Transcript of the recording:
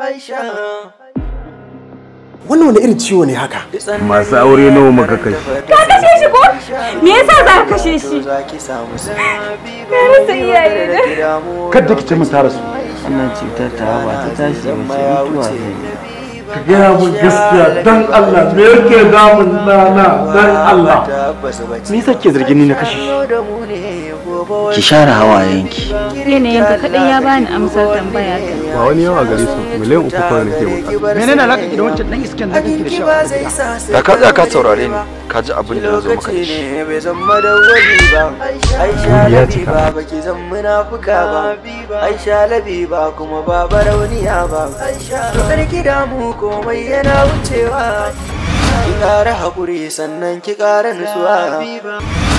Aisha. Wannan wani irin ciwo ne haka? Masu aure nawa muka kashe. Ka kashe shi ko? Me yasa za ka kashe shi? Ka rasa iyaye ne. Kadda ki ce mun tara su. Wannan cutar ta ba ta tashi mace mutuwa ne. ka gaya mun gaskiya dan Allah me yake damun nana dan Allah me yasa ke zargin ni na kashe ki share hawayenki yanayin ka kadan ya bani amsar tambaya ba wani yawa gare su miliyan uku kawai nake bukata menene alaka ki da wancan dan iskan da kike da shi ka ka saurare ni ka ji abin da ya zo maka ne bai san madawwali ba aisha labi ba baki zan munafuka ba aisha labi ba kuma ba barauniya ba to gida mu komai yana wucewa ki ƙara hakuri sannan ki kara nutsuwa